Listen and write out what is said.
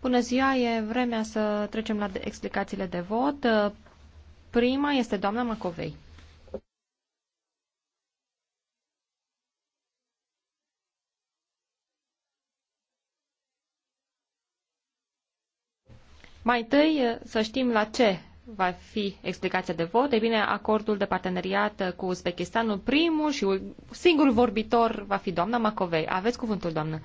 Bună ziua, e vremea să trecem la explicațiile de vot. Prima este doamna Macovei. Mai întâi să știm la ce va fi explicația de vot. Ei bine, acordul de parteneriat cu Uzbekistanul, primul și singurul vorbitor va fi doamna Macovei. Aveți cuvântul, doamnă.